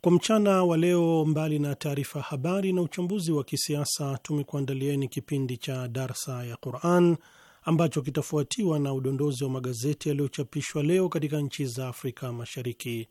Kwa mchana wa leo, mbali na taarifa habari na uchambuzi wa kisiasa, tumekuandalieni kipindi cha darsa ya Quran ambacho kitafuatiwa na udondozi wa magazeti yaliyochapishwa leo katika nchi za Afrika Mashariki.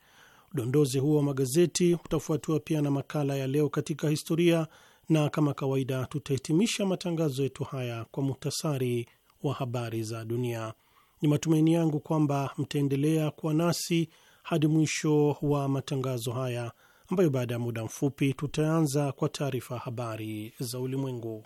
Udondozi huo wa magazeti utafuatiwa pia na makala ya leo katika historia, na kama kawaida tutahitimisha matangazo yetu haya kwa muhtasari wa habari za dunia. Ni matumaini yangu kwamba mtaendelea kuwa nasi hadi mwisho wa matangazo haya ambayo baada ya muda mfupi tutaanza kwa taarifa habari za ulimwengu.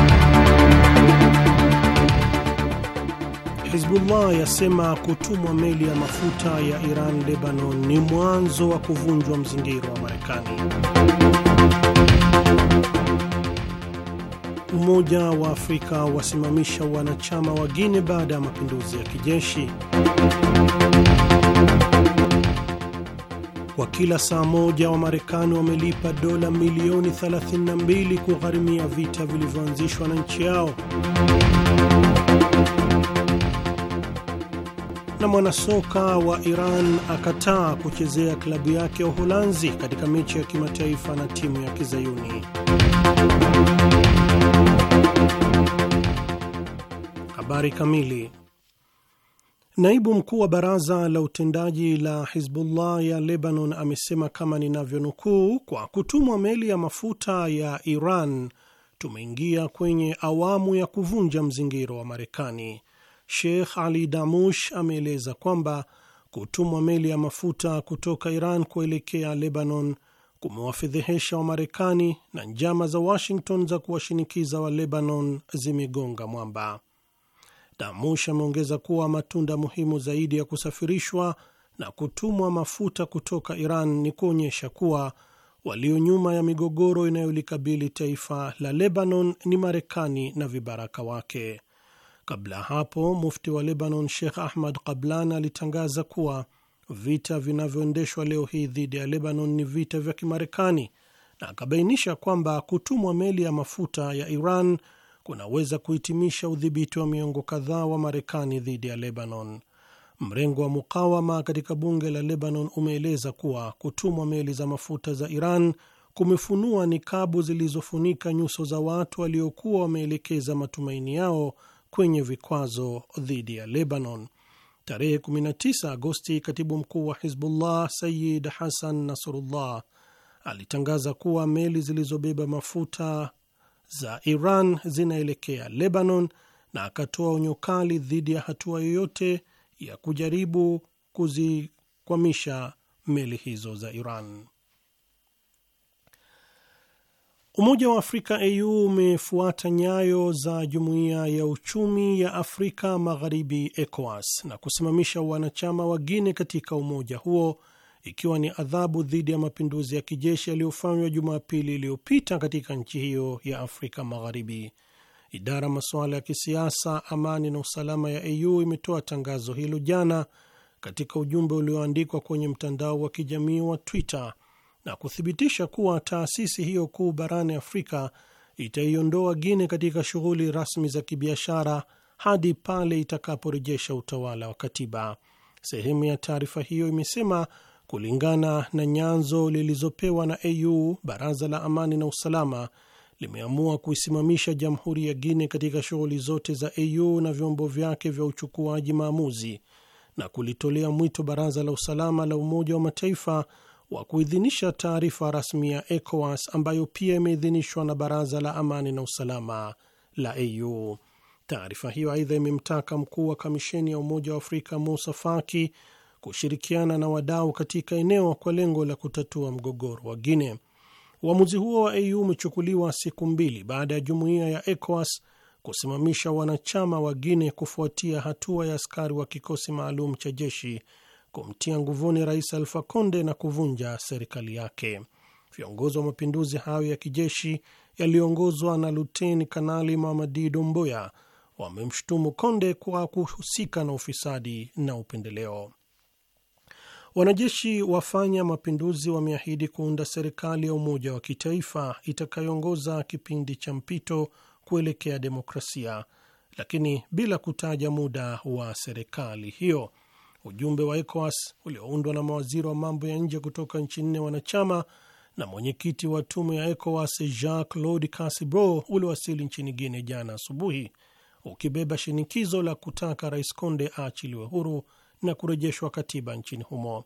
Hizbullah yasema kutumwa meli ya mafuta ya Iran Lebanon ni mwanzo wa kuvunjwa mzingiro wa Marekani. Umoja wa Afrika wasimamisha wanachama wa Guinea baada ya mapinduzi ya kijeshi. Kwa kila saa moja wa marekani wamelipa dola milioni 32 kugharimia vita vilivyoanzishwa na nchi yao. na mwanasoka wa Iran akataa kuchezea klabu yake ya Uholanzi katika mechi ya kimataifa na timu ya Kizayuni. Habari kamili. Naibu mkuu wa baraza la utendaji la Hizbullah ya Lebanon amesema kama ninavyonukuu, kwa kutumwa meli ya mafuta ya Iran tumeingia kwenye awamu ya kuvunja mzingiro wa Marekani. Sheikh Ali Damush ameeleza kwamba kutumwa meli ya mafuta kutoka Iran kuelekea Lebanon kumewafedhehesha Wamarekani na njama za Washington za kuwashinikiza wa Lebanon zimegonga mwamba. Damush ameongeza kuwa matunda muhimu zaidi ya kusafirishwa na kutumwa mafuta kutoka Iran ni kuonyesha kuwa walio nyuma ya migogoro inayolikabili taifa la Lebanon ni Marekani na vibaraka wake. Kabla ya hapo, mufti wa Lebanon Sheikh Ahmad Kablan alitangaza kuwa vita vinavyoendeshwa leo hii dhidi ya Lebanon ni vita vya Kimarekani na akabainisha kwamba kutumwa meli ya mafuta ya Iran kunaweza kuhitimisha udhibiti wa miongo kadhaa wa Marekani dhidi ya Lebanon. Mrengo wa mukawama katika bunge la Lebanon umeeleza kuwa kutumwa meli za mafuta za Iran kumefunua nikabu zilizofunika nyuso za watu waliokuwa wameelekeza matumaini yao kwenye vikwazo dhidi ya Lebanon. Tarehe 19 Agosti, katibu mkuu wa Hizbullah Sayid Hasan Nasrullah alitangaza kuwa meli zilizobeba mafuta za Iran zinaelekea Lebanon na akatoa onyo kali dhidi ya hatua yoyote ya kujaribu kuzikwamisha meli hizo za Iran. Umoja wa Afrika AU umefuata nyayo za Jumuiya ya Uchumi ya Afrika Magharibi ECOWAS na kusimamisha wanachama wengine katika umoja huo ikiwa ni adhabu dhidi ya mapinduzi ya kijeshi yaliyofanywa Jumapili iliyopita katika nchi hiyo ya Afrika Magharibi. Idara masuala ya kisiasa, amani na usalama ya AU imetoa tangazo hilo jana katika ujumbe ulioandikwa kwenye mtandao wa kijamii wa Twitter na kuthibitisha kuwa taasisi hiyo kuu barani Afrika itaiondoa guine katika shughuli rasmi za kibiashara hadi pale itakaporejesha utawala wa katiba. Sehemu ya taarifa hiyo imesema kulingana na nyanzo lilizopewa na AU, baraza la amani na usalama limeamua kuisimamisha jamhuri ya guine katika shughuli zote za AU na vyombo vyake vya uchukuaji maamuzi na kulitolea mwito baraza la usalama la Umoja wa Mataifa wa kuidhinisha taarifa rasmi ya ECOWAS ambayo pia imeidhinishwa na Baraza la Amani na Usalama la AU. Taarifa hiyo aidha imemtaka mkuu wa kamisheni ya Umoja wa Afrika Musa Faki kushirikiana na wadau katika eneo kwa lengo la kutatua mgogoro wa Guinea. Uamuzi huo wa AU umechukuliwa siku mbili baada ya jumuiya ya ECOWAS kusimamisha wanachama wa guine kufuatia hatua ya askari wa kikosi maalum cha jeshi kumtia nguvuni Rais Alfa Konde na kuvunja serikali yake. Viongozi wa mapinduzi hayo ya kijeshi yaliyoongozwa na Luteni Kanali Mamadi Domboya wamemshutumu Konde kwa kuhusika na ufisadi na upendeleo. Wanajeshi wafanya mapinduzi wameahidi kuunda serikali ya umoja wa kitaifa itakayoongoza kipindi cha mpito kuelekea demokrasia, lakini bila kutaja muda wa serikali hiyo ujumbe wa ECOWAS ulioundwa na mawaziri wa mambo ya nje kutoka nchi nne wanachama na mwenyekiti wa tume ya ECOWAS Jean Claude Casibro uliwasili nchini Guine jana asubuhi ukibeba shinikizo la kutaka Rais Konde aachiliwe huru na kurejeshwa katiba nchini humo.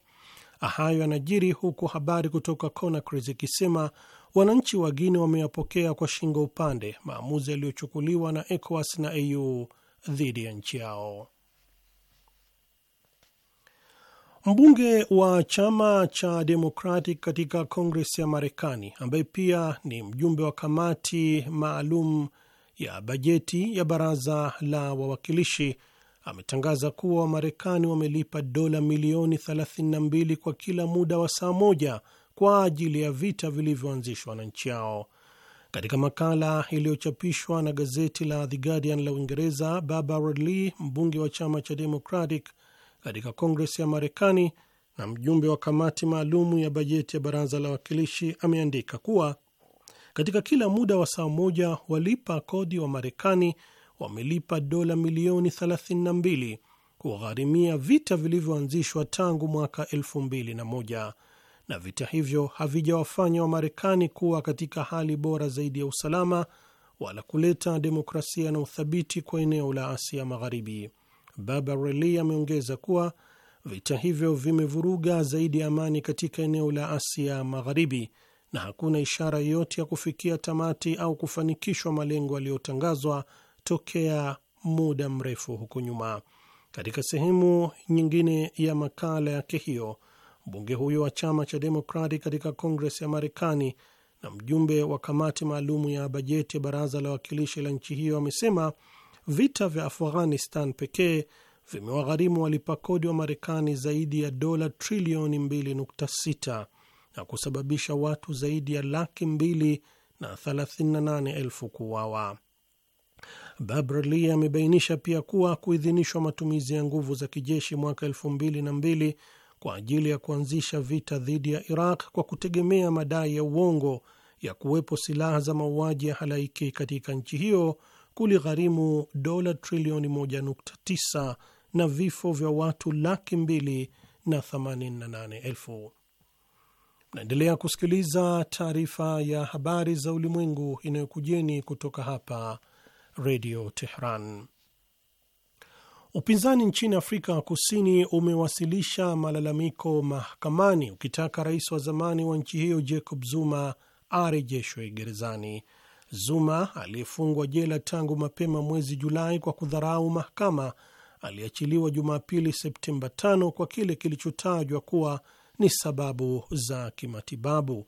Hayo yanajiri huku habari kutoka Conakry zikisema wananchi wa Guine wameyapokea kwa shingo upande maamuzi yaliyochukuliwa na ECOWAS na AU dhidi ya nchi yao. Mbunge wa chama cha Democratic katika Kongres ya Marekani ambaye pia ni mjumbe wa kamati maalum ya bajeti ya baraza la wawakilishi ametangaza kuwa Wamarekani wamelipa dola milioni 32 kwa kila muda wa saa moja kwa ajili ya vita vilivyoanzishwa na nchi yao. Katika makala iliyochapishwa na gazeti la The Guardian la Uingereza, Barbara Lee, mbunge wa chama cha Democratic katika Kongresi ya Marekani na mjumbe wa kamati maalumu ya bajeti ya baraza la wawakilishi ameandika kuwa katika kila muda wa saa moja walipa kodi wa Marekani wamelipa dola milioni 32 kugharimia vita vilivyoanzishwa tangu mwaka 2001 na vita hivyo havijawafanya Wamarekani kuwa katika hali bora zaidi ya usalama wala kuleta demokrasia na uthabiti kwa eneo la Asia Magharibi. Babareli ameongeza kuwa vita hivyo vimevuruga zaidi ya amani katika eneo la Asia Magharibi na hakuna ishara yoyote ya kufikia tamati au kufanikishwa malengo yaliyotangazwa tokea muda mrefu huko nyuma. Katika sehemu nyingine ya makala yake hiyo, mbunge huyo wa chama cha Demokrati katika Kongres ya Marekani na mjumbe wa kamati maalumu ya bajeti ya baraza la wawakilishi la nchi hiyo amesema vita vya Afghanistan pekee vimewagharimu walipa kodi wa Marekani zaidi ya dola trilioni 2.6 na kusababisha watu zaidi ya laki mbili na 38 elfu kuuawa. Babrali amebainisha pia kuwa kuidhinishwa matumizi ya nguvu za kijeshi mwaka elfu mbili na mbili kwa ajili ya kuanzisha vita dhidi ya Iraq kwa kutegemea madai ya uongo ya kuwepo silaha za mauaji ya halaiki katika nchi hiyo kuligharimu dola trilioni 1.9 na vifo vya watu laki mbili na 88 elfu. Naendelea kusikiliza taarifa ya habari za ulimwengu inayokujeni kutoka hapa Redio Tehran. Upinzani nchini Afrika Kusini umewasilisha malalamiko mahakamani ukitaka rais wa zamani wa nchi hiyo Jacob Zuma arejeshwe gerezani. Zuma aliyefungwa jela tangu mapema mwezi Julai kwa kudharau mahakama aliachiliwa Jumapili Septemba 5 kwa kile kilichotajwa kuwa ni sababu za kimatibabu.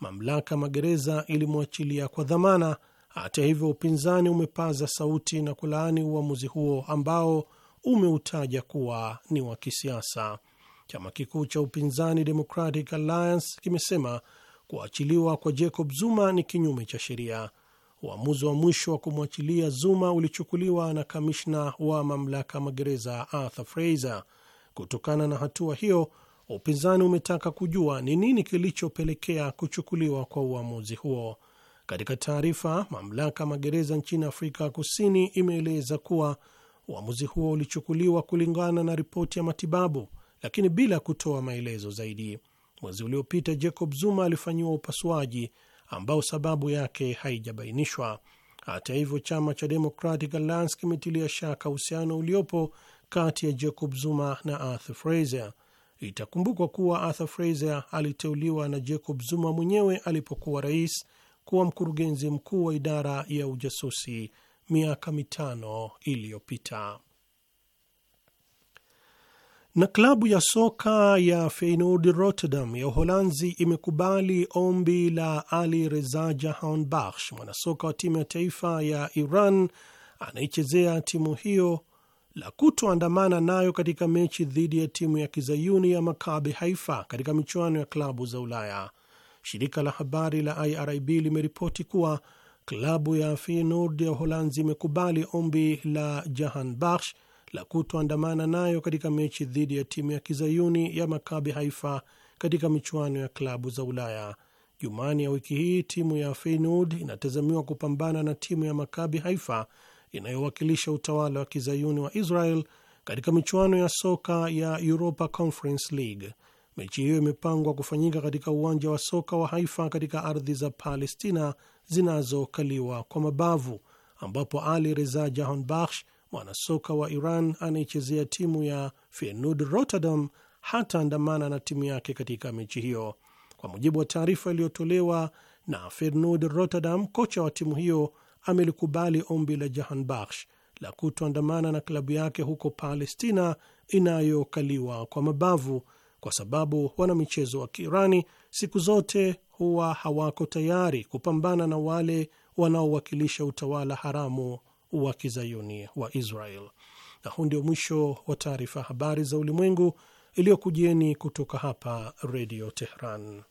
Mamlaka magereza ilimwachilia kwa dhamana. Hata hivyo, upinzani umepaza sauti na kulaani uamuzi huo ambao umeutaja kuwa ni wa kisiasa. Chama kikuu cha upinzani Democratic Alliance kimesema kuachiliwa kwa Jacob Zuma ni kinyume cha sheria Uamuzi wa mwisho wa kumwachilia Zuma ulichukuliwa na kamishna wa mamlaka magereza Arthur Fraser. Kutokana na hatua hiyo, upinzani umetaka kujua ni nini kilichopelekea kuchukuliwa kwa uamuzi huo. Katika taarifa, mamlaka magereza nchini Afrika ya Kusini imeeleza kuwa uamuzi huo ulichukuliwa kulingana na ripoti ya matibabu, lakini bila kutoa maelezo zaidi. Mwezi uliopita Jacob Zuma alifanyiwa upasuaji ambao sababu yake haijabainishwa. Hata hivyo, chama cha Democratic Alliance kimetilia shaka uhusiano uliopo kati ya Jacob Zuma na Arthur Fraser. Itakumbukwa kuwa Arthur Fraser aliteuliwa na Jacob Zuma mwenyewe alipokuwa rais kuwa mkurugenzi mkuu wa idara ya ujasusi miaka mitano iliyopita. Na klabu ya soka ya Feyenoord Rotterdam ya Uholanzi imekubali ombi la Ali Reza Jahanbakhsh, mwanasoka wa timu ya taifa ya Iran anaichezea timu hiyo, la kutoandamana nayo katika mechi dhidi ya timu ya kizayuni ya Makabi Haifa katika michuano ya klabu za Ulaya. Shirika la habari la IRIB limeripoti kuwa klabu ya Feyenoord ya Uholanzi imekubali ombi la Jahanbakhsh la kutoandamana nayo katika mechi dhidi ya timu ya kizayuni ya Makabi Haifa katika michuano ya klabu za Ulaya. Jumani ya wiki hii timu ya Feyenoord inatazamiwa kupambana na timu ya Makabi Haifa inayowakilisha utawala wa kizayuni wa Israel katika michuano ya soka ya Europa Conference League. Mechi hiyo imepangwa kufanyika katika uwanja wa soka wa Haifa katika ardhi za Palestina zinazokaliwa kwa mabavu ambapo Ali Reza Jahanbakhsh mwanasoka wa Iran anayechezea timu ya Feyenoord Rotterdam hataandamana na timu yake katika mechi hiyo, kwa mujibu wa taarifa iliyotolewa na Feyenoord Rotterdam. Kocha wa timu hiyo amelikubali ombi la Jahan Bakhsh la kutoandamana na klabu yake huko Palestina inayokaliwa kwa mabavu, kwa sababu wanamichezo wa Kiirani siku zote huwa hawako tayari kupambana na wale wanaowakilisha utawala haramu wa kizayuni wa Israel. Na huu ndio mwisho wa taarifa habari za ulimwengu iliyokujieni kutoka hapa Redio Tehran.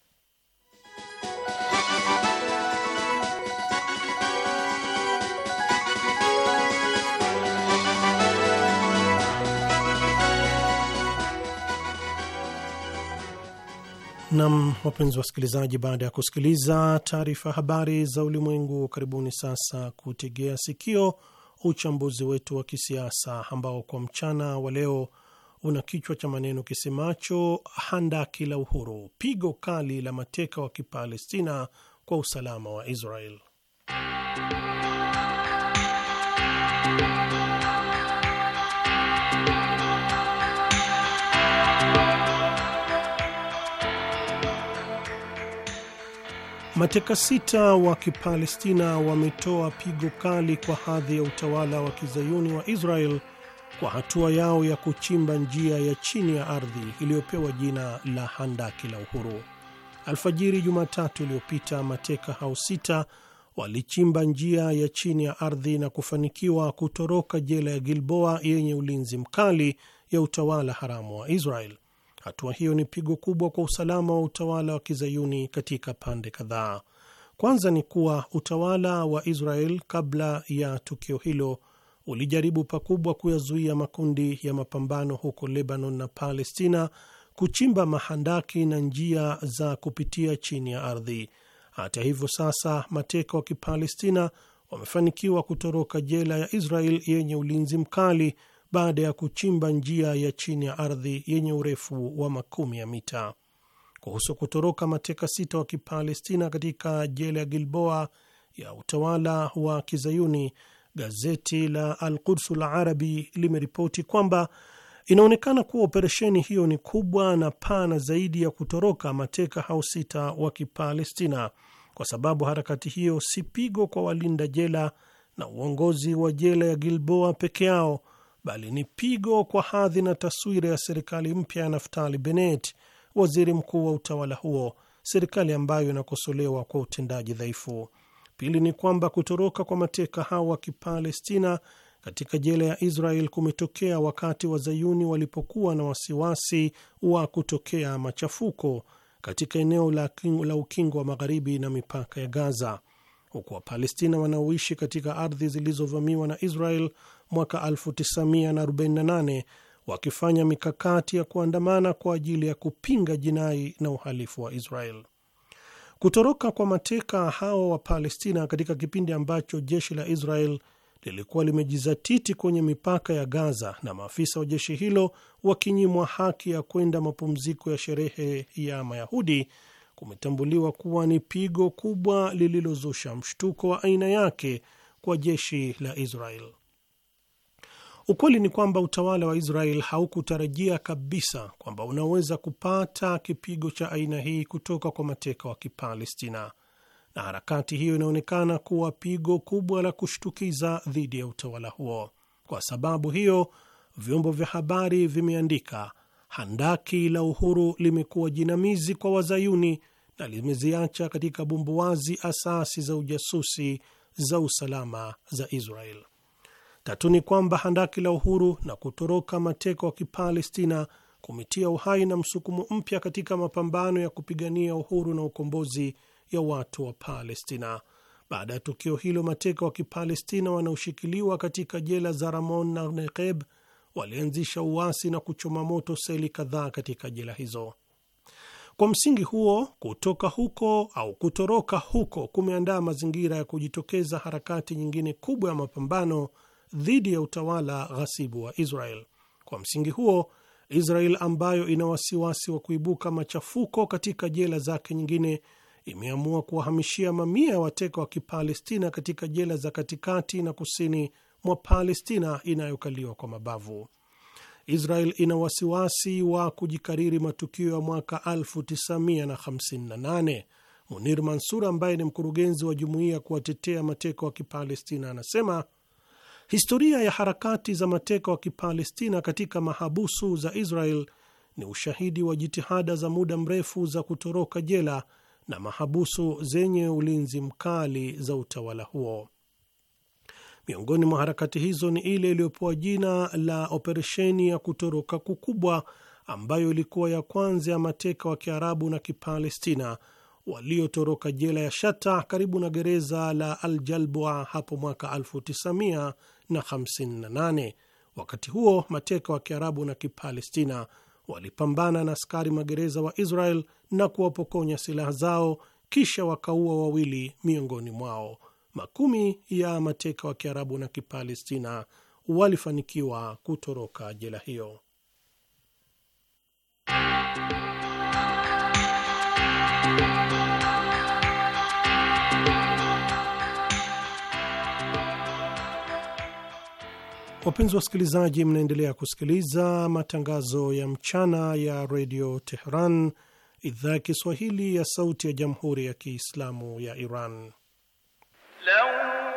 Nam, wapenzi wasikilizaji, baada ya kusikiliza taarifa habari za ulimwengu, karibuni sasa kutegea sikio uchambuzi wetu wa kisiasa ambao kwa mchana wa leo una kichwa cha maneno kisemacho handaki la uhuru, pigo kali la mateka wa Kipalestina kwa usalama wa Israel. Mateka sita wa Kipalestina wametoa pigo kali kwa hadhi ya utawala wa kizayuni wa Israel kwa hatua yao ya kuchimba njia ya chini ya ardhi iliyopewa jina la handaki la uhuru. Alfajiri Jumatatu iliyopita, mateka hao sita walichimba njia ya chini ya ardhi na kufanikiwa kutoroka jela ya Gilboa yenye ulinzi mkali ya utawala haramu wa Israel. Hatua hiyo ni pigo kubwa kwa usalama wa utawala wa kizayuni katika pande kadhaa. Kwanza ni kuwa utawala wa Israel kabla ya tukio hilo ulijaribu pakubwa kuyazuia makundi ya mapambano huko Lebanon na Palestina kuchimba mahandaki na njia za kupitia chini ya ardhi. Hata hivyo, sasa mateka wa Kipalestina wamefanikiwa kutoroka jela ya Israel yenye ulinzi mkali baada ya kuchimba njia ya chini ya ardhi yenye urefu wa makumi ya mita. Kuhusu kutoroka mateka sita wa Kipalestina katika jela ya Gilboa ya utawala wa Kizayuni, gazeti la Al Quds Arabi limeripoti kwamba inaonekana kuwa operesheni hiyo ni kubwa na pana zaidi ya kutoroka mateka hao sita wa Kipalestina, kwa sababu harakati hiyo si pigo kwa walinda jela na uongozi wa jela ya Gilboa peke yao bali ni pigo kwa hadhi na taswira ya serikali mpya ya Naftali Bennett, waziri mkuu wa utawala huo, serikali ambayo inakosolewa kwa utendaji dhaifu. Pili ni kwamba kutoroka kwa mateka hao wa Kipalestina katika jela ya Israel kumetokea wakati wazayuni walipokuwa na wasiwasi wa kutokea machafuko katika eneo la, la ukingo wa magharibi na mipaka ya Gaza, huku Wapalestina wanaoishi katika ardhi zilizovamiwa na Israel mwaka 1948 wakifanya mikakati ya kuandamana kwa ajili ya kupinga jinai na uhalifu wa Israel. Kutoroka kwa mateka hao wa Palestina katika kipindi ambacho jeshi la Israel lilikuwa limejizatiti kwenye mipaka ya Gaza na maafisa wa jeshi hilo wakinyimwa haki ya kwenda mapumziko ya sherehe ya Mayahudi kumetambuliwa kuwa ni pigo kubwa lililozusha mshtuko wa aina yake kwa jeshi la Israel. Ukweli ni kwamba utawala wa Israel haukutarajia kabisa kwamba unaweza kupata kipigo cha aina hii kutoka kwa mateka wa Kipalestina, na harakati hiyo inaonekana kuwa pigo kubwa la kushtukiza dhidi ya utawala huo. Kwa sababu hiyo, vyombo vya habari vimeandika, handaki la uhuru limekuwa jinamizi kwa wazayuni na limeziacha katika bumbuwazi asasi za ujasusi za usalama za Israel. Tatu ni kwamba handaki la uhuru na kutoroka mateka wa Kipalestina kumetia uhai na msukumo mpya katika mapambano ya kupigania uhuru na ukombozi ya watu wa Palestina. Baada ya tukio hilo, mateka wa Kipalestina wanaoshikiliwa katika jela za Ramon na Nekeb walianzisha uasi na kuchoma moto seli kadhaa katika jela hizo. Kwa msingi huo, kutoka huko au kutoroka huko kumeandaa mazingira ya kujitokeza harakati nyingine kubwa ya mapambano dhidi ya utawala ghasibu wa Israel. Kwa msingi huo, Israel ambayo ina wasiwasi wa kuibuka machafuko katika jela zake nyingine imeamua kuwahamishia mamia ya wateka wa Kipalestina katika jela za katikati na kusini mwa Palestina inayokaliwa kwa mabavu. Israel ina wasiwasi wa kujikariri matukio ya mwaka 1958. Munir Mansur ambaye ni mkurugenzi wa jumuiya kuwatetea mateka wa Kipalestina anasema Historia ya harakati za mateka wa Kipalestina katika mahabusu za Israel ni ushahidi wa jitihada za muda mrefu za kutoroka jela na mahabusu zenye ulinzi mkali za utawala huo. Miongoni mwa harakati hizo ni ile iliyopewa jina la operesheni ya kutoroka kukubwa, ambayo ilikuwa ya kwanza ya mateka wa Kiarabu na Kipalestina waliotoroka jela ya Shata karibu na gereza la Aljalboa hapo mwaka na 58. Wakati huo mateka wa Kiarabu na Kipalestina walipambana na askari magereza wa Israel na kuwapokonya silaha zao, kisha wakaua wawili miongoni mwao. Makumi ya mateka wa Kiarabu na Kipalestina walifanikiwa kutoroka jela hiyo. Wapenzi wasikilizaji, mnaendelea kusikiliza matangazo ya mchana ya redio Teheran, idhaa ya Kiswahili ya sauti ya jamhuri ya Kiislamu ya Iran Hello.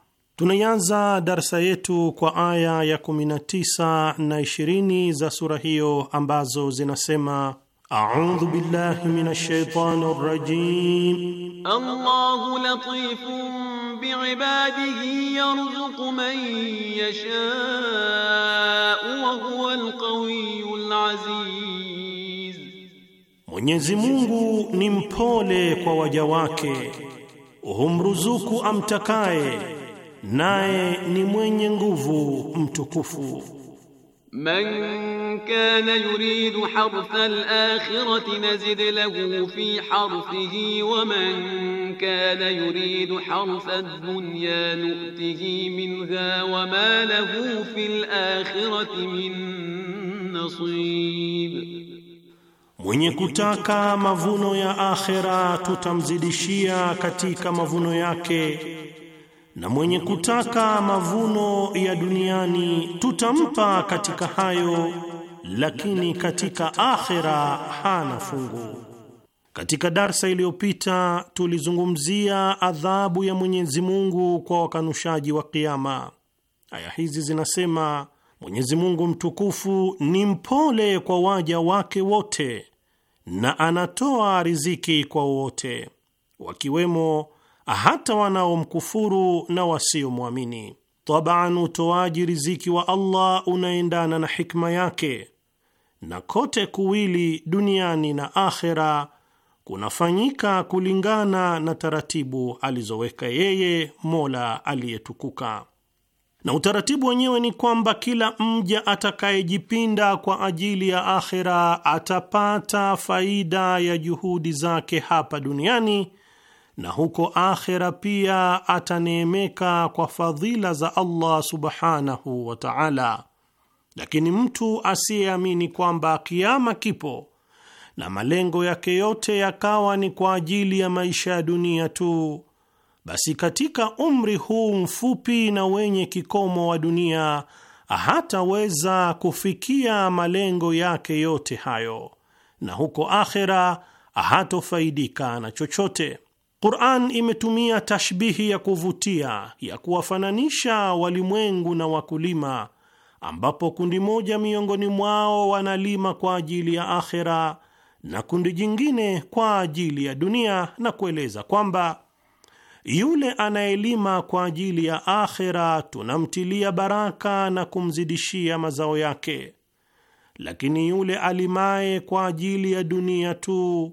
Tunaianza darsa yetu kwa aya ya 19 na 20 za sura hiyo ambazo zinasema: audhu billahi minash shaitani rajim, Allahu latifun biibadihi yarzuqu man yashau wa huwal qawiyyul aziz, Mwenyezi Mungu ni mpole kwa waja wake, humruzuku amtakaye naye ni mwenye nguvu mtukufu. Man kana yuridu harfa al-akhirati nazid lahu fi harfihi wa man kana yuridu harfa ad-dunya nu'tihi minha wa ma lahu fi al-akhirati min nasib, mwenye kutaka mavuno ya akhera tutamzidishia katika mavuno yake na mwenye kutaka mavuno ya duniani tutampa katika hayo, lakini katika akhera hana fungu. Katika darsa iliyopita tulizungumzia adhabu ya Mwenyezi Mungu kwa wakanushaji wa Kiama. Aya hizi zinasema Mwenyezi Mungu mtukufu ni mpole kwa waja wake wote na anatoa riziki kwa wote wakiwemo hata wanaomkufuru na wasiomwamini. Taban, utoaji riziki wa Allah unaendana na hikma yake, na kote kuwili duniani na akhera kunafanyika kulingana na taratibu alizoweka yeye Mola aliyetukuka. Na utaratibu wenyewe ni kwamba kila mja atakayejipinda kwa ajili ya akhera atapata faida ya juhudi zake hapa duniani na huko akhera pia ataneemeka kwa fadhila za Allah subhanahu wa ta'ala. Lakini mtu asiyeamini kwamba kiama kipo na malengo yake yote yakawa ni kwa ajili ya maisha ya dunia tu, basi katika umri huu mfupi na wenye kikomo wa dunia hataweza kufikia malengo yake yote hayo, na huko akhera hatofaidika na chochote. Qur'an imetumia tashbihi ya kuvutia ya kuwafananisha walimwengu na wakulima, ambapo kundi moja miongoni mwao wanalima kwa ajili ya akhera na kundi jingine kwa ajili ya dunia, na kueleza kwamba yule anayelima kwa ajili ya akhera tunamtilia baraka na kumzidishia mazao yake, lakini yule alimaye kwa ajili ya dunia tu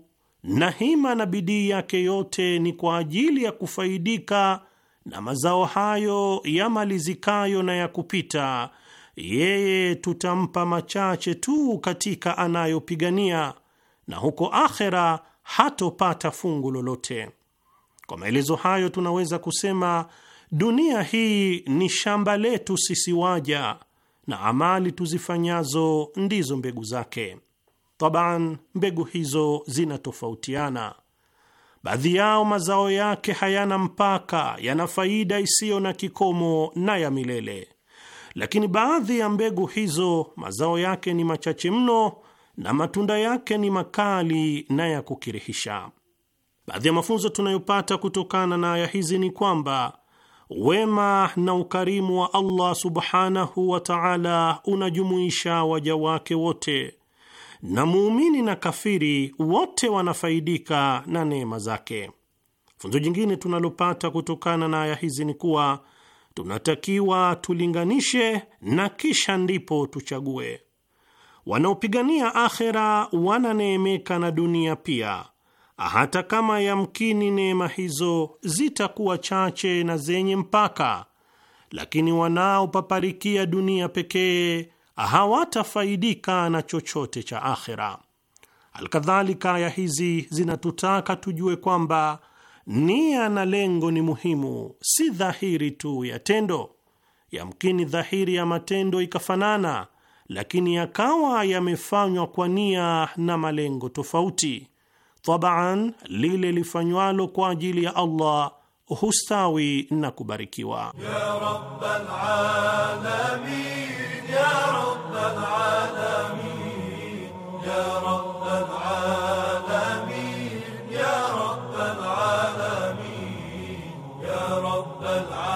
na hima na bidii yake yote ni kwa ajili ya kufaidika na mazao hayo yamalizikayo na ya kupita, yeye tutampa machache tu katika anayopigania, na huko akhera hatopata fungu lolote. Kwa maelezo hayo, tunaweza kusema dunia hii ni shamba letu sisi waja, na amali tuzifanyazo ndizo mbegu zake. Taban, mbegu hizo zinatofautiana. Baadhi yao mazao yake hayana mpaka, yana faida isiyo na kikomo na ya milele, lakini baadhi ya mbegu hizo mazao yake ni machache mno na matunda yake ni makali na ya kukirihisha. Baadhi ya mafunzo tunayopata kutokana na aya hizi ni kwamba wema na ukarimu wa Allah subhanahu wa ta'ala unajumuisha waja wake wote na muumini na kafiri wote wanafaidika na neema zake. Funzo jingine tunalopata kutokana na aya hizi ni kuwa tunatakiwa tulinganishe na kisha ndipo tuchague. Wanaopigania akhera wananeemeka na dunia pia, hata kama yamkini neema hizo zitakuwa chache na zenye mpaka, lakini wanaopaparikia dunia pekee hawatafaidika na chochote cha akhira. Alkadhalika, aya hizi zinatutaka tujue kwamba nia na lengo ni muhimu, si dhahiri tu ya tendo. Yamkini dhahiri ya matendo ikafanana, lakini yakawa yamefanywa kwa nia na malengo tofauti. Tabaan, lile lifanywalo kwa ajili ya Allah hustawi na kubarikiwa ya Rabbal alamin. يا رب العالمين يا رب العالمين يا رب العالمين يا رب العالمين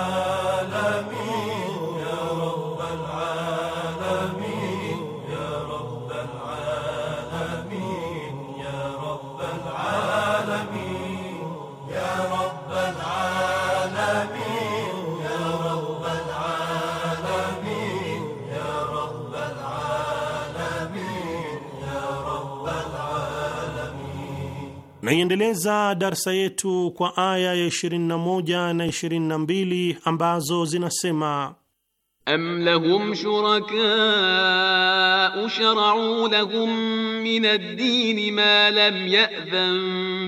Tunaiendeleza darsa yetu kwa aya ya 21 na 22 ambazo zinasema أم لهم شركاء شرعوا لهم من الدين ما لم يأذن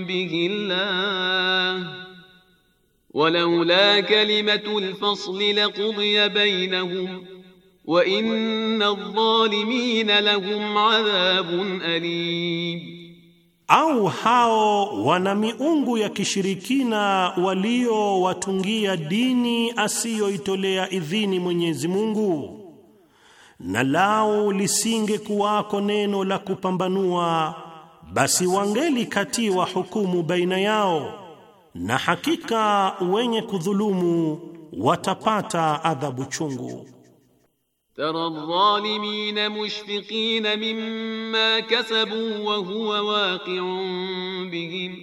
به الله ولولا كلمة الفصل لقضي بينهم وإن الظالمين لهم عذاب أليم Au hao wana miungu ya kishirikina waliowatungia dini asiyoitolea idhini Mwenyezi Mungu? Na lau lisingekuwako neno la kupambanua, basi wangelikatiwa hukumu baina yao, na hakika wenye kudhulumu watapata adhabu chungu. ترى الظالمين مشفقين مما كسبوا وهو واقع بهم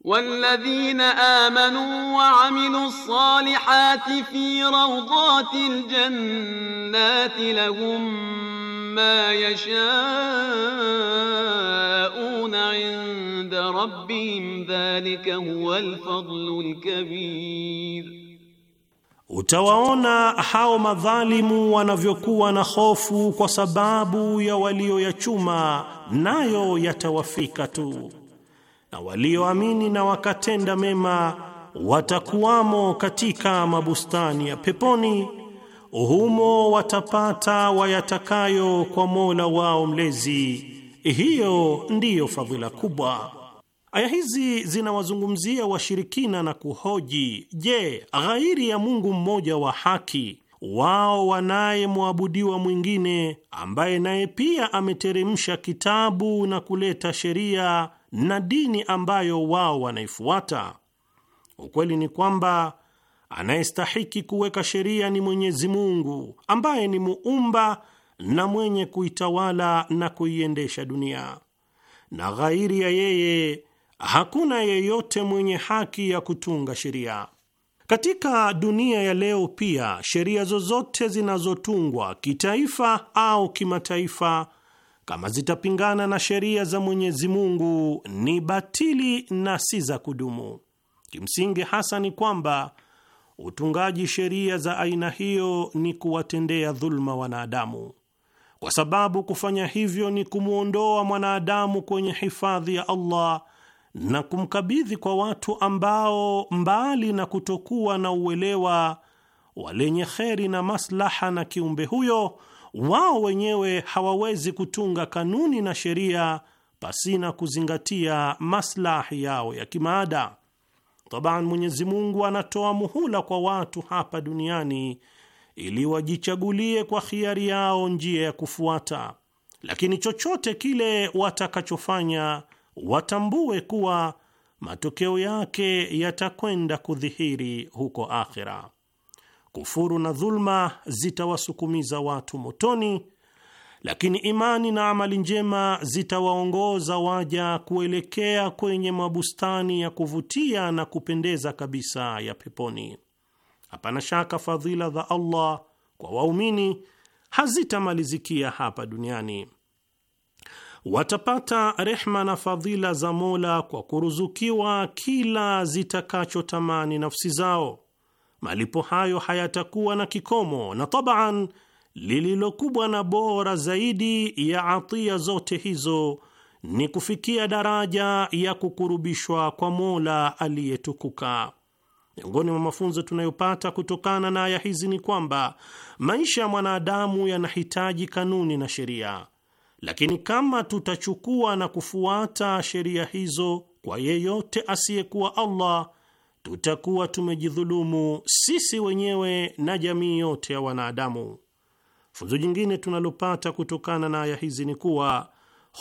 والذين امنوا وعملوا الصالحات في روضات الجنات لهم ما يشاءون عند ربهم ذلك هو الفضل الكبير Utawaona hao madhalimu wanavyokuwa na hofu kwa sababu ya walioyachuma, nayo yatawafika tu, na walioamini na wakatenda mema watakuwamo katika mabustani ya peponi, humo watapata wayatakayo kwa Mola wao Mlezi. Hiyo ndiyo fadhila kubwa. Aya hizi zinawazungumzia washirikina na kuhoji, je, ghairi ya Mungu mmoja wa haki wao wanayemwabudiwa mwingine ambaye naye pia ameteremsha kitabu na kuleta sheria na dini ambayo wao wanaifuata. Ukweli ni kwamba anayestahiki kuweka sheria ni Mwenyezi Mungu ambaye ni muumba na mwenye kuitawala na kuiendesha dunia, na ghairi ya yeye hakuna yeyote mwenye haki ya kutunga sheria. Katika dunia ya leo pia, sheria zozote zinazotungwa kitaifa au kimataifa, kama zitapingana na sheria za Mwenyezi Mungu, ni batili na si za kudumu. Kimsingi hasa ni kwamba utungaji sheria za aina hiyo ni kuwatendea dhuluma wanadamu, kwa sababu kufanya hivyo ni kumwondoa mwanadamu kwenye hifadhi ya Allah na kumkabidhi kwa watu ambao mbali na kutokuwa na uelewa walenye kheri na maslaha na kiumbe huyo, wao wenyewe hawawezi kutunga kanuni na sheria pasina kuzingatia maslahi yao ya kimaada. Taban, Mwenyezi Mungu anatoa muhula kwa watu hapa duniani ili wajichagulie kwa khiari yao njia ya kufuata, lakini chochote kile watakachofanya watambue kuwa matokeo yake yatakwenda kudhihiri huko akhira. Kufuru na dhulma zitawasukumiza watu motoni, lakini imani na amali njema zitawaongoza waja kuelekea kwenye mabustani ya kuvutia na kupendeza kabisa ya peponi. Hapana shaka fadhila za Allah kwa waumini hazitamalizikia hapa duniani watapata rehma na fadhila za Mola kwa kuruzukiwa kila zitakachotamani nafsi zao. Malipo hayo hayatakuwa na kikomo, na tabaan, lililo kubwa na bora zaidi ya atiya zote hizo ni kufikia daraja ya kukurubishwa kwa Mola aliyetukuka. Miongoni mwa mafunzo tunayopata kutokana na aya hizi ni kwamba maisha ya mwanadamu yanahitaji kanuni na sheria lakini kama tutachukua na kufuata sheria hizo kwa yeyote asiyekuwa Allah, tutakuwa tumejidhulumu sisi wenyewe na jamii yote ya wanadamu. Funzo jingine tunalopata kutokana na aya hizi ni kuwa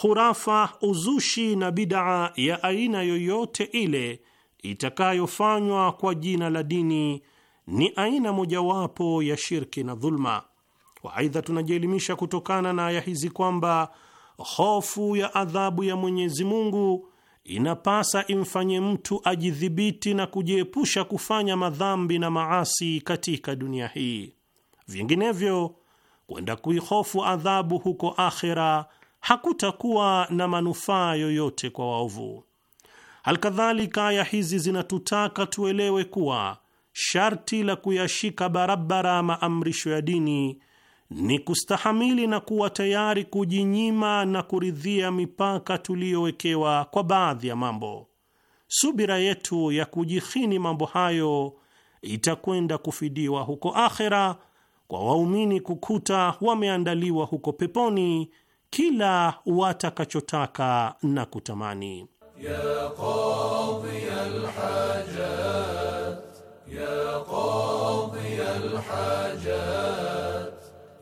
hurafa, uzushi na bidaa ya aina yoyote ile itakayofanywa kwa jina la dini ni aina mojawapo ya shirki na dhulma. Waaidha, tunajielimisha kutokana na aya hizi kwamba hofu ya adhabu ya Mwenyezi Mungu inapasa imfanye mtu ajidhibiti na kujiepusha kufanya madhambi na maasi katika dunia hii, vinginevyo kwenda kuihofu adhabu huko akhera hakutakuwa na manufaa yoyote kwa waovu. Halkadhalika, aya hizi zinatutaka tuelewe kuwa sharti la kuyashika barabara maamrisho ya dini ni kustahamili na kuwa tayari kujinyima na kuridhia mipaka tuliyowekewa kwa baadhi ya mambo. Subira yetu ya kujihini mambo hayo itakwenda kufidiwa huko akhera, kwa waumini kukuta wameandaliwa huko peponi kila watakachotaka na kutamani ya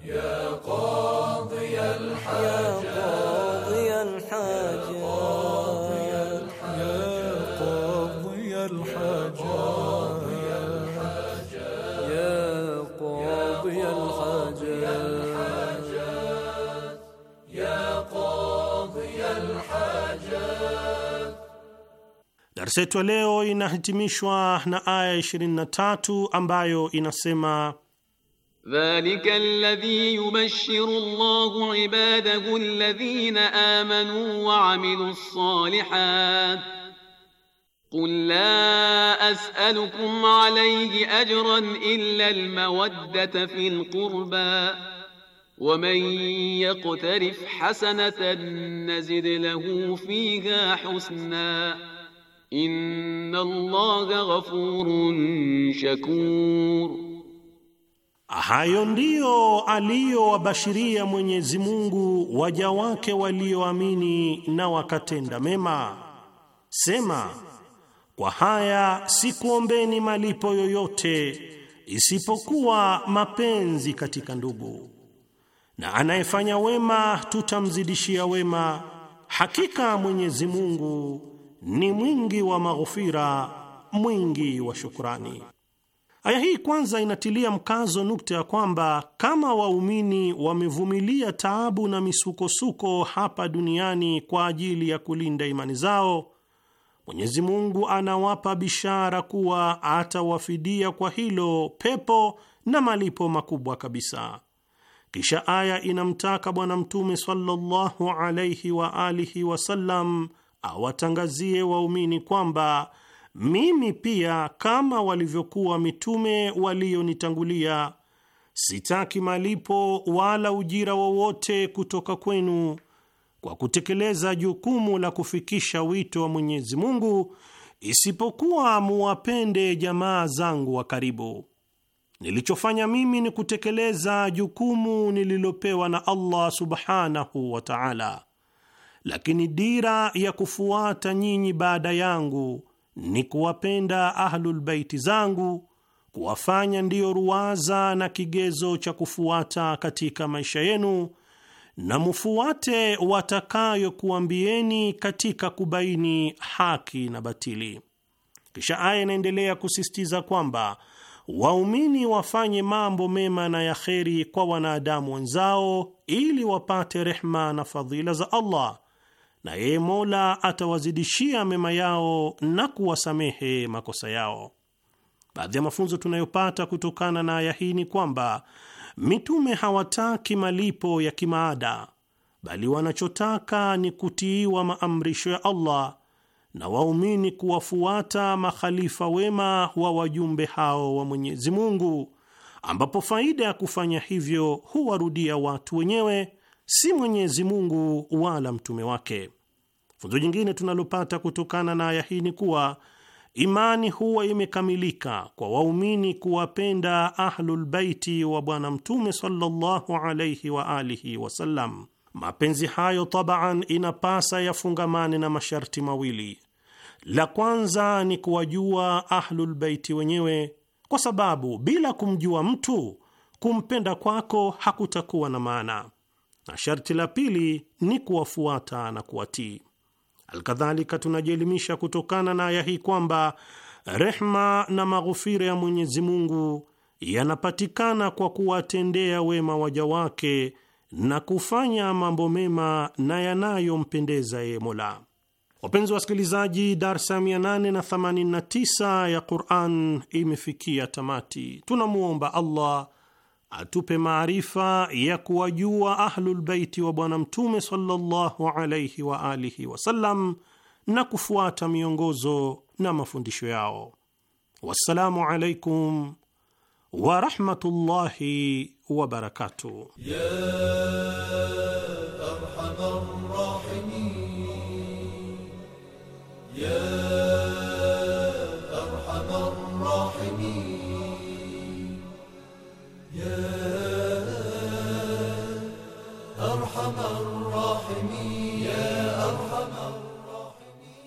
يا قاضي الحاجات يا قاضي الحاجات يا قاضي الحاجات يا قاضي الحاجات يا قاضي الحاجات Darsa yetu leo inahitimishwa na aya 23 ambayo inasema ذلك الذي يبشر الله عباده الذين آمنوا وعملوا الصالحات قل لا أسألكم عليه أجرا إلا المودة في القربى ومن يقترف حسنة نزد له فيها حسنا إن الله غفور شكور Hayo ndiyo aliyowabashiria Mwenyezi Mungu waja wake walioamini na wakatenda mema. Sema, kwa haya sikuombeni malipo yoyote isipokuwa mapenzi katika ndugu, na anayefanya wema tutamzidishia wema. Hakika Mwenyezi Mungu ni mwingi wa maghfira, mwingi wa shukrani. Aya hii kwanza inatilia mkazo nukta ya kwamba kama waumini wamevumilia taabu na misukosuko hapa duniani kwa ajili ya kulinda imani zao, Mwenyezi Mungu anawapa bishara kuwa atawafidia kwa hilo pepo na malipo makubwa kabisa. Kisha aya inamtaka Bwana Mtume sallallahu alaihi wa alihi wasallam awatangazie waumini kwamba mimi pia kama walivyokuwa mitume walionitangulia, sitaki malipo wala ujira wowote kutoka kwenu kwa kutekeleza jukumu la kufikisha wito wa Mwenyezi Mungu, isipokuwa muwapende jamaa zangu wa karibu. Nilichofanya mimi ni kutekeleza jukumu nililopewa na Allah subhanahu wa ta'ala, lakini dira ya kufuata nyinyi baada yangu ni kuwapenda Ahlulbeiti zangu, kuwafanya ndiyo ruwaza na kigezo cha kufuata katika maisha yenu, na mufuate watakayokuambieni katika kubaini haki na batili. Kisha aya inaendelea kusisitiza kwamba waumini wafanye mambo mema na ya kheri kwa wanadamu wenzao ili wapate rehma na fadhila za Allah na yeye Mola atawazidishia mema yao na kuwasamehe makosa yao. Baadhi ya mafunzo tunayopata kutokana na aya hii ni kwamba mitume hawataki malipo ya kimaada, bali wanachotaka ni kutiiwa maamrisho ya Allah na waumini kuwafuata makhalifa wema wa wajumbe hao wa Mwenyezi Mungu, ambapo faida ya kufanya hivyo huwarudia watu wenyewe si Mwenyezi Mungu wala mtume wake. Funzo jingine tunalopata kutokana na aya hii ni kuwa imani huwa imekamilika kwa waumini kuwapenda Ahlulbaiti wa Bwana Mtume sallallahu alaihi wa alihi wasallam. Mapenzi hayo tabaan, inapasa yafungamane na masharti mawili. La kwanza ni kuwajua Ahlulbaiti wenyewe, kwa sababu bila kumjua mtu kumpenda kwako hakutakuwa na maana na sharti la pili ni kuwafuata na kuwatii. Alkadhalika, tunajielimisha kutokana na aya hii kwamba rehma na maghufira ya Mwenyezi Mungu yanapatikana kwa kuwatendea wema waja wake na kufanya mambo mema na yanayompendeza yeye Mola. Wapenzi wasikilizaji, darsa 889 ya Quran imefikia tamati. Tunamwomba Allah atupe maarifa ya kuwajua Ahlulbeiti wa Bwana Mtume sallallahu alaihi wa alihi wasallam na kufuata miongozo na mafundisho yao. Wassalamu alaikum warahmatullahi wabarakatuh.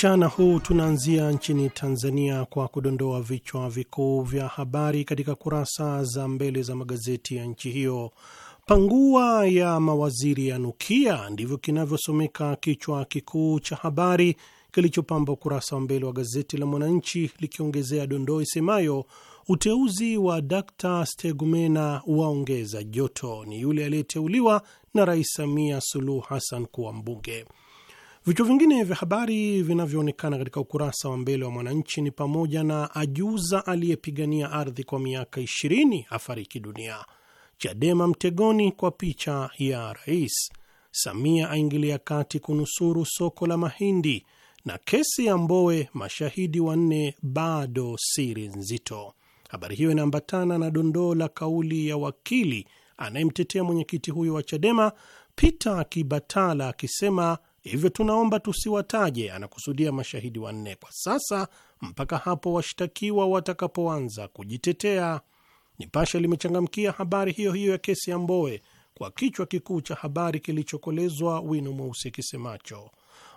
Mchana huu tunaanzia nchini Tanzania kwa kudondoa vichwa vikuu vya habari katika kurasa za mbele za magazeti ya nchi hiyo. Pangua ya mawaziri ya nukia, ndivyo kinavyosomeka kichwa kikuu cha habari kilichopamba ukurasa wa mbele wa gazeti la Mwananchi, likiongezea dondoo isemayo uteuzi wa Dkt Stegumena waongeza joto, ni yule aliyeteuliwa na Rais Samia Suluhu Hassan kuwa mbunge. Vichwa vingine vya habari vinavyoonekana katika ukurasa wa mbele wa Mwananchi ni pamoja na ajuza aliyepigania ardhi kwa miaka ishirini afariki dunia, Chadema mtegoni kwa picha ya rais, Samia aingilia kati kunusuru soko la mahindi, na kesi ya Mbowe mashahidi wanne bado siri nzito. Habari hiyo inaambatana na dondoo la kauli ya wakili anayemtetea mwenyekiti huyo wa Chadema Peter Kibatala akisema hivyo tunaomba tusiwataje, anakusudia mashahidi wanne kwa sasa, mpaka hapo washtakiwa watakapoanza kujitetea. Nipashe limechangamkia habari hiyo hiyo ya kesi ya Mbowe kwa kichwa kikuu cha habari kilichokolezwa wino mweusi kisemacho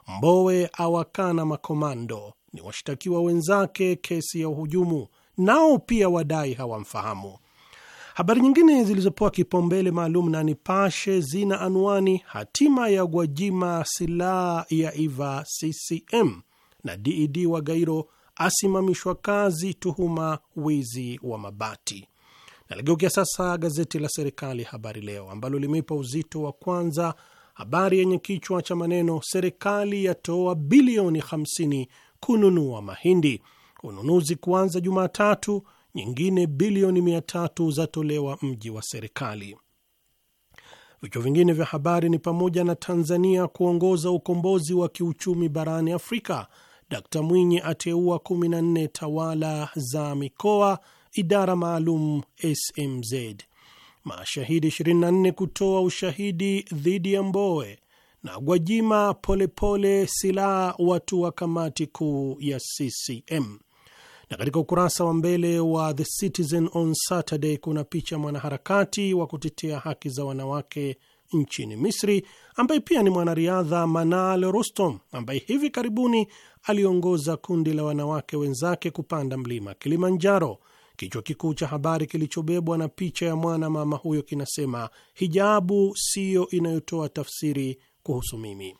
Mbowe awakana makomando, ni washtakiwa wenzake kesi ya uhujumu, nao pia wadai hawamfahamu. Habari nyingine zilizopewa kipaumbele maalum na Nipashe zina anwani hatima ya Gwajima silaha ya iva CCM na DED e wa Gairo asimamishwa kazi tuhuma wizi wa mabati. Naligeukia sasa gazeti la serikali Habari Leo ambalo limeipa uzito wa kwanza habari yenye kichwa cha maneno serikali yatoa bilioni 50 kununua mahindi, ununuzi kuanza Jumatatu nyingine bilioni mia tatu zatolewa mji wa serikali. Vichwa vingine vya habari ni pamoja na Tanzania kuongoza ukombozi wa kiuchumi barani Afrika, Dkt Mwinyi ateua 14 tawala za mikoa, idara maalum SMZ, mashahidi 24 kutoa ushahidi dhidi ya Mbowe, na Gwajima polepole silaha watu wa kamati kuu ya CCM. Na katika ukurasa wa mbele wa The Citizen on Saturday kuna picha mwanaharakati wa kutetea haki za wanawake nchini Misri ambaye pia ni mwanariadha Manal Rostom ambaye hivi karibuni aliongoza kundi la wanawake wenzake kupanda mlima Kilimanjaro. Kichwa kikuu cha habari kilichobebwa na picha ya mwana mama huyo kinasema hijabu siyo inayotoa tafsiri kuhusu mimi.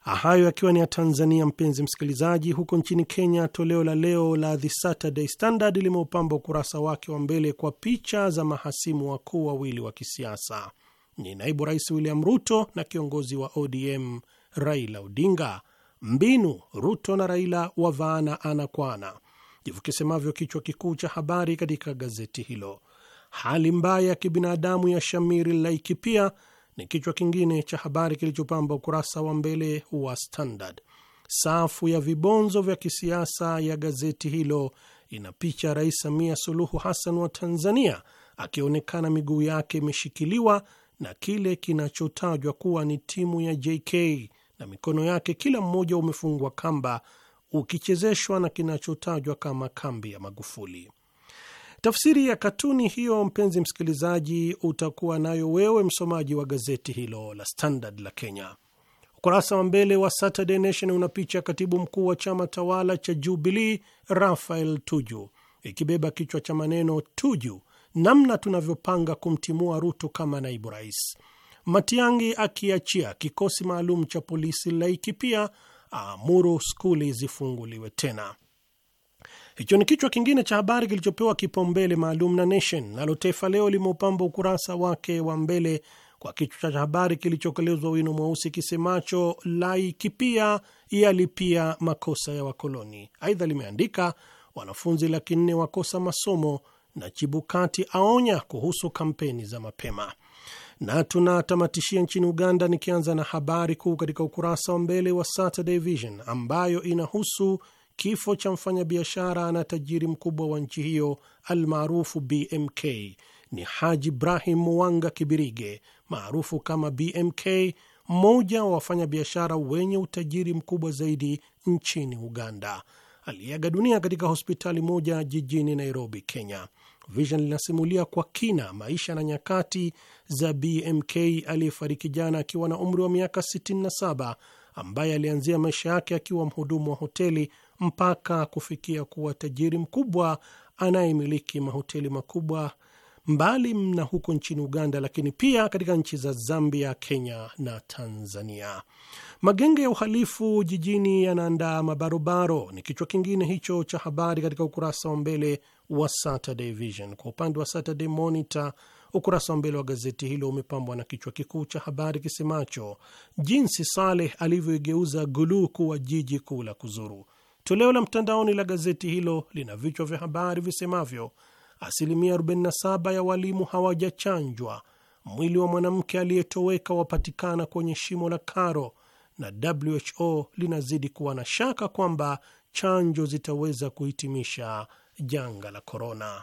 Hayo yakiwa ni ya Tanzania. Mpenzi msikilizaji, huko nchini Kenya, toleo la leo la The Saturday Standard limeupamba ukurasa wake wa mbele kwa picha za mahasimu wakuu wawili wa kisiasa, ni naibu rais William Ruto na kiongozi wa ODM Raila Odinga. Mbinu Ruto na Raila wavaana ana kwa ana, ndivyo kisemavyo kichwa kikuu cha habari katika gazeti hilo. Hali mbaya ya kibinadamu ya shamiri laiki pia ni kichwa kingine cha habari kilichopamba ukurasa wa mbele wa Standard. Safu ya vibonzo vya kisiasa ya gazeti hilo ina picha Rais Samia Suluhu Hassan wa Tanzania akionekana miguu yake imeshikiliwa na kile kinachotajwa kuwa ni timu ya JK na mikono yake kila mmoja umefungwa kamba ukichezeshwa na kinachotajwa kama kambi ya Magufuli. Tafsiri ya katuni hiyo, mpenzi msikilizaji, utakuwa nayo wewe msomaji wa gazeti hilo la Standard la Kenya. Ukurasa wa mbele wa Saturday Nation una picha katibu mkuu wa chama tawala cha Jubilee rafael Tuju ikibeba kichwa cha maneno Tuju, namna tunavyopanga kumtimua Ruto kama naibu rais. Matiangi akiachia kikosi maalum cha polisi Laikipia, aamuru skuli zifunguliwe tena. Hicho ni kichwa kingine cha habari kilichopewa kipaumbele maalum na Nation. Nalo Taifa Leo limeupamba ukurasa wake wa mbele kwa kichwa cha habari kilichokolezwa wino mweusi kisemacho Laikipia yalipia makosa ya wakoloni. Aidha limeandika wanafunzi laki nne wakosa masomo na Chibukati aonya kuhusu kampeni za mapema. Na tunatamatishia nchini Uganda, nikianza na habari kuu katika ukurasa wa mbele wa Saturday Vision ambayo inahusu kifo cha mfanyabiashara na tajiri mkubwa wa nchi hiyo almaarufu BMK ni Haji Ibrahim Muwanga Kibirige maarufu kama BMK, mmoja wa wafanyabiashara wenye utajiri mkubwa zaidi nchini Uganda, aliyeaga dunia katika hospitali moja jijini Nairobi, Kenya. Vision linasimulia kwa kina maisha na nyakati za BMK aliyefariki jana akiwa na umri wa miaka 67, ambaye alianzia maisha yake akiwa mhudumu wa hoteli mpaka kufikia kuwa tajiri mkubwa anayemiliki mahoteli makubwa mbali na huko nchini Uganda, lakini pia katika nchi za Zambia, Kenya na Tanzania. Magenge ya uhalifu jijini yanaandaa mabarobaro, ni kichwa kingine hicho cha habari katika ukurasa wa mbele wa Saturday Vision. Kwa upande wa Saturday Monitor, ukurasa wa mbele wa gazeti hilo umepambwa na kichwa kikuu cha habari kisemacho jinsi Saleh alivyoigeuza Gulu kuwa jiji kuu la kuzuru. Toleo la mtandaoni la gazeti hilo lina vichwa vya habari visemavyo: asilimia 47 ya walimu hawajachanjwa, mwili wa mwanamke aliyetoweka wapatikana kwenye shimo la karo, na WHO linazidi kuwa na shaka kwamba chanjo zitaweza kuhitimisha janga la korona.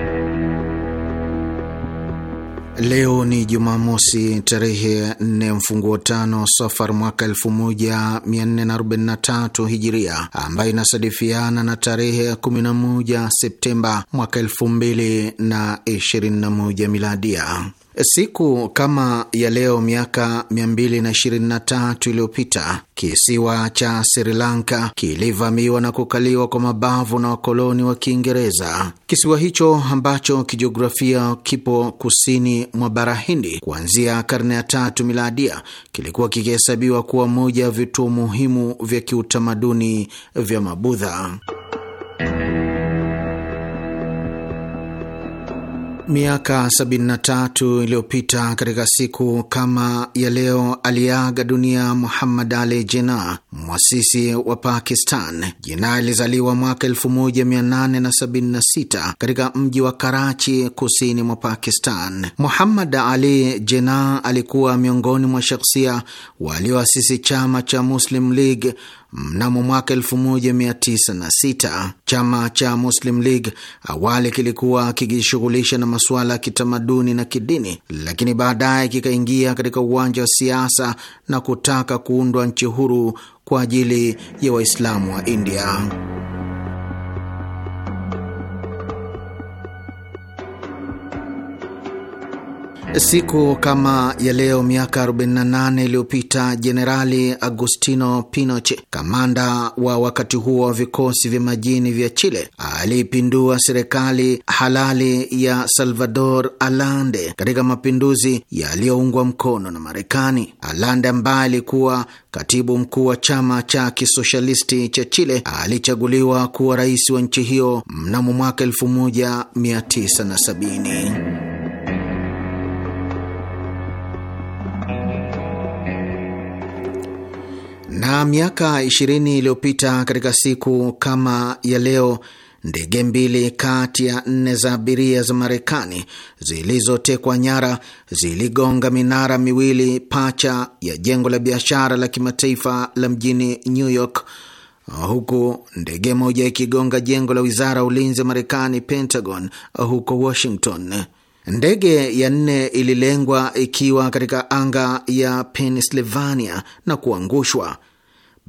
Leo ni Jumamosi, tarehe 4 mfunguo tano Safar mwaka 1443 Hijiria, ambayo inasadifiana na tarehe moja Septemba mwaka moja Miladia. Siku kama ya leo miaka 223 iliyopita kisiwa cha Sri Lanka kilivamiwa na kukaliwa kwa mabavu na wakoloni wa Kiingereza. Kisiwa hicho ambacho kijiografia kipo kusini mwa bara Hindi, kuanzia karne ya tatu miladia, kilikuwa kikihesabiwa kuwa moja ya vituo muhimu vya kiutamaduni vya Mabudha miaka 73 iliyopita katika siku kama ya leo aliaga dunia Muhammad Ali Jinnah, mwasisi wa Pakistan. Jinnah alizaliwa mwaka 1876 katika mji wa Karachi, kusini mwa Pakistan. Muhammad Ali Jinnah alikuwa miongoni mwa shakhsia walioasisi chama cha Muslim League Mnamo mwaka 1906 chama cha Muslim League awali kilikuwa kikishughulisha na masuala ya kitamaduni na kidini, lakini baadaye kikaingia katika uwanja wa siasa na kutaka kuundwa nchi huru kwa ajili ya Waislamu wa India. Siku kama ya leo miaka 48 iliyopita Jenerali Agustino Pinochet, kamanda wa wakati huo wa vikosi vya majini vya Chile, aliipindua serikali halali ya Salvador Allende katika mapinduzi yaliyoungwa mkono na Marekani. Allende ambaye alikuwa katibu mkuu wa chama cha kisoshalisti cha Chile alichaguliwa kuwa rais wa nchi hiyo mnamo mwaka 1970. Na miaka 20 iliyopita katika siku kama ya leo ndege mbili kati ya nne za abiria za Marekani zilizotekwa nyara ziligonga minara miwili pacha ya jengo la biashara la kimataifa la mjini New York, huku ndege moja ikigonga jengo la wizara ya ulinzi ya Marekani, Pentagon, huko Washington. Ndege ya nne ililengwa ikiwa katika anga ya Pennsylvania na kuangushwa.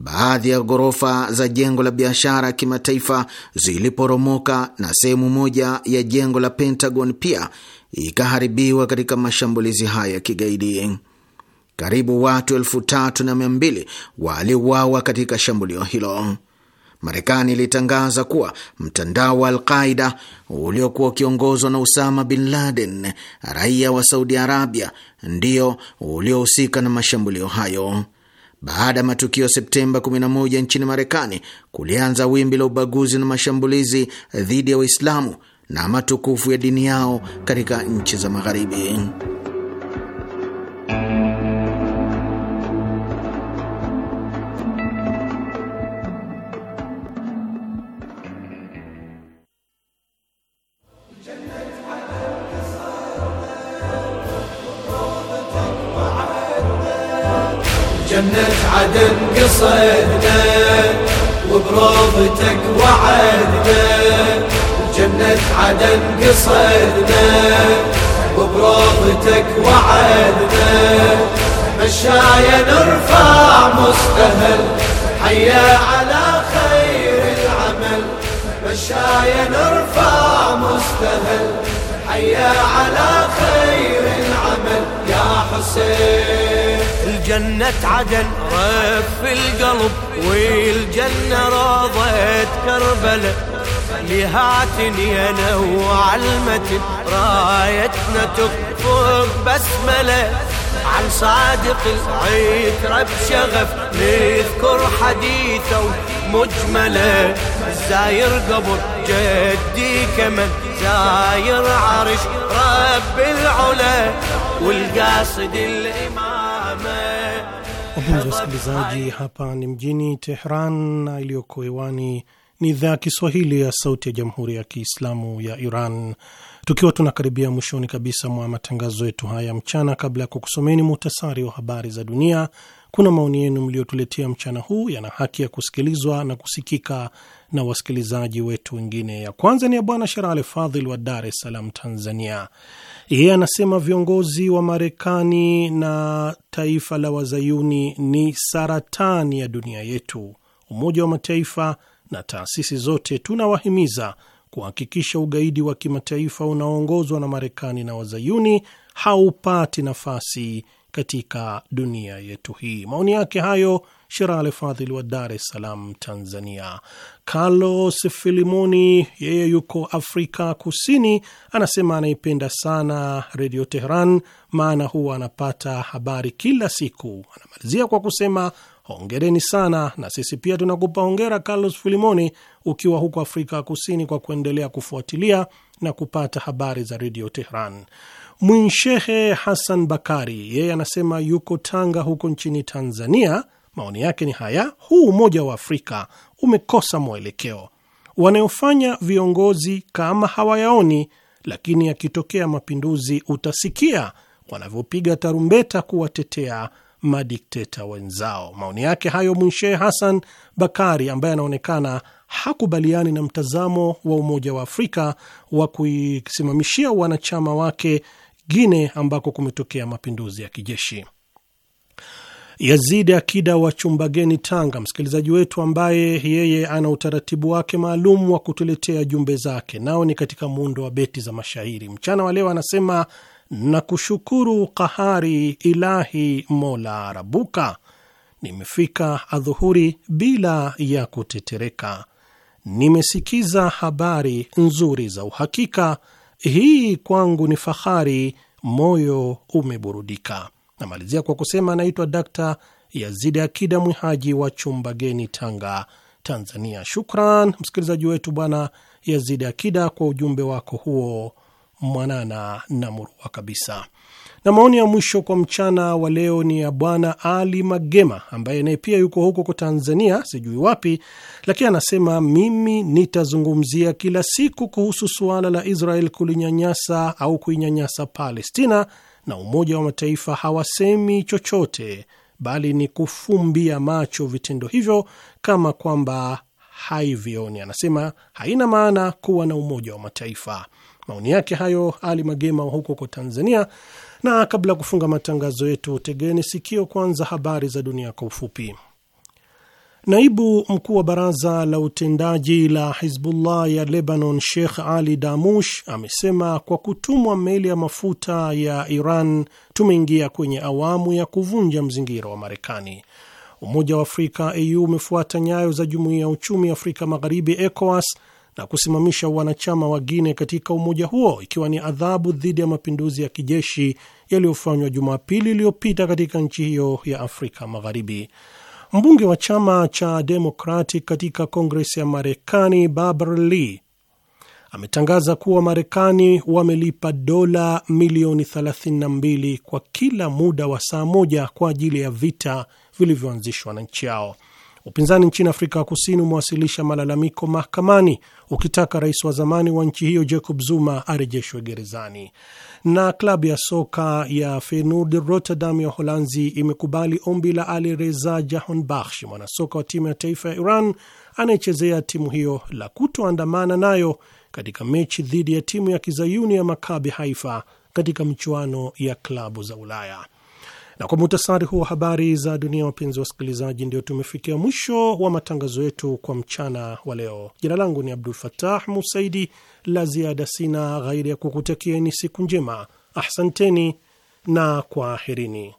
Baadhi ya ghorofa za jengo la biashara ya kimataifa ziliporomoka na sehemu moja ya jengo la Pentagon pia ikaharibiwa katika mashambulizi haya ya kigaidi. Karibu watu elfu tatu na mia mbili waliuawa katika shambulio hilo. Marekani ilitangaza kuwa mtandao wa Alqaida uliokuwa ukiongozwa na Usama bin Laden, raia wa Saudi Arabia, ndio uliohusika na mashambulio hayo. Baada ya matukio Septemba 11 nchini Marekani, kulianza wimbi la ubaguzi na mashambulizi dhidi ya Waislamu na matukufu ya dini yao katika nchi za Magharibi. جنة عدن قصدنا وبروضتك وعدنا جنة عدن قصدنا وبروضتك وعدنا مشايا نرفع مستهل حيا على خير العمل مشايا نرفع مستهل حيا على خير العمل يا حسين الجنة عدن رف القلب والجنة راضت كربلة لهاتني أنا وعلمتي رايتنا تطفق بسملة عن صادق العترة بشغف نذكر حديثه مجملة زاير قبر جدي كمن زاير عرش رب العلا والقاصد الإمام Wapenzi wasikilizaji, hapa ni mjini Tehran na iliyoko hewani ni idhaa ya Kiswahili ya Sauti ya Jamhuri ya Kiislamu ya Iran. Tukiwa tunakaribia mwishoni kabisa mwa matangazo yetu haya mchana, kabla ya kukusomeni muhtasari wa habari za dunia, kuna maoni yenu mliotuletea mchana huu yana haki ya kusikilizwa na kusikika na wasikilizaji wetu wengine. Ya kwanza ni ya Bwana Sherale Fadhil wa Dar es Salaam, Tanzania. Yeye anasema viongozi wa Marekani na taifa la Wazayuni ni saratani ya dunia yetu. Umoja wa Mataifa na taasisi zote tunawahimiza kuhakikisha ugaidi wa kimataifa unaoongozwa na Marekani na wazayuni haupati nafasi katika dunia yetu hii. Maoni yake hayo Sherale Fadhili wa Dar es Salaam, Tanzania. Carlos Filimoni, yeye yuko Afrika Kusini, anasema anaipenda sana Redio Teheran, maana huwa anapata habari kila siku. Anamalizia kwa kusema Hongereni sana, na sisi pia tunakupa hongera Carlos Filimoni, ukiwa huko Afrika Kusini kwa kuendelea kufuatilia na kupata habari za redio Tehran. Mwinshehe Hassan Bakari yeye anasema yuko Tanga huko nchini Tanzania. Maoni yake ni haya: huu Umoja wa Afrika umekosa mwelekeo, wanayofanya viongozi kama hawayaoni, lakini yakitokea mapinduzi utasikia wanavyopiga tarumbeta kuwatetea madikteta wenzao. Maoni yake hayo Mwinshe Hassan Bakari, ambaye anaonekana hakubaliani na mtazamo wa Umoja wa Afrika wa kuisimamishia wanachama wake guine ambako kumetokea mapinduzi ya kijeshi. Yazidi Akida wa Chumbageni, Tanga, msikilizaji wetu ambaye yeye ana utaratibu wake maalum wa kutuletea jumbe zake, nao ni katika muundo wa beti za mashairi. Mchana wa leo anasema na kushukuru kahari ilahi Mola Rabuka, nimefika adhuhuri bila ya kutetereka, nimesikiza habari nzuri za uhakika. Hii kwangu ni fahari, moyo umeburudika. Namalizia kwa kusema anaitwa Dakta Yazidi Akida Mwihaji wa chumba geni Tanga, Tanzania. Shukran msikilizaji wetu Bwana Yazidi Akida kwa ujumbe wako huo mwanana na murua kabisa. Na maoni ya mwisho kwa mchana wa leo ni ya Bwana Ali Magema, ambaye naye pia yuko huko kwa Tanzania, sijui wapi, lakini anasema mimi nitazungumzia kila siku kuhusu suala la Israel kulinyanyasa au kuinyanyasa Palestina, na Umoja wa Mataifa hawasemi chochote, bali ni kufumbia macho vitendo hivyo kama kwamba haivioni. Anasema haina maana kuwa na Umoja wa Mataifa. Maoni yake hayo Ali Magema huko kwa Tanzania. Na kabla ya kufunga matangazo yetu, tegeni sikio kwanza habari za dunia kwa ufupi. Naibu mkuu wa baraza la utendaji la Hizbullah ya Lebanon, Sheikh Ali Damush, amesema kwa kutumwa meli ya mafuta ya Iran tumeingia kwenye awamu ya kuvunja mzingira wa Marekani. Umoja wa Afrika au umefuata nyayo za Jumuiya ya Uchumi Afrika Magharibi, ECOWAS, na kusimamisha wanachama wa Guinea katika umoja huo ikiwa ni adhabu dhidi ya mapinduzi ya kijeshi yaliyofanywa Jumapili iliyopita katika nchi hiyo ya Afrika Magharibi. Mbunge wa chama cha Democratic katika Kongres ya Marekani Barbara Lee ametangaza kuwa Marekani wamelipa dola milioni 32 kwa kila muda wa saa moja kwa ajili ya vita vilivyoanzishwa na nchi yao. Upinzani nchini Afrika ya Kusini umewasilisha malalamiko mahakamani ukitaka rais wa zamani wa nchi hiyo Jacob Zuma arejeshwe gerezani. Na klabu ya soka ya Feyenoord Rotterdam ya holanzi imekubali ombi la Ali Reza Jahanbakhsh, mwanasoka wa timu ya taifa ya Iran anayechezea timu hiyo, la kutoandamana nayo katika mechi dhidi ya timu ya kizayuni ya Makabi Haifa katika michuano ya klabu za Ulaya. Na kwa muhtasari huu wa habari za dunia, wapenzi wa wasikilizaji, ndio tumefikia mwisho wa matangazo yetu kwa mchana wa leo. Jina langu ni Abdul Fatah Musaidi. La ziada sina ghairi ya kukutakieni siku njema. Ahsanteni na kwaherini.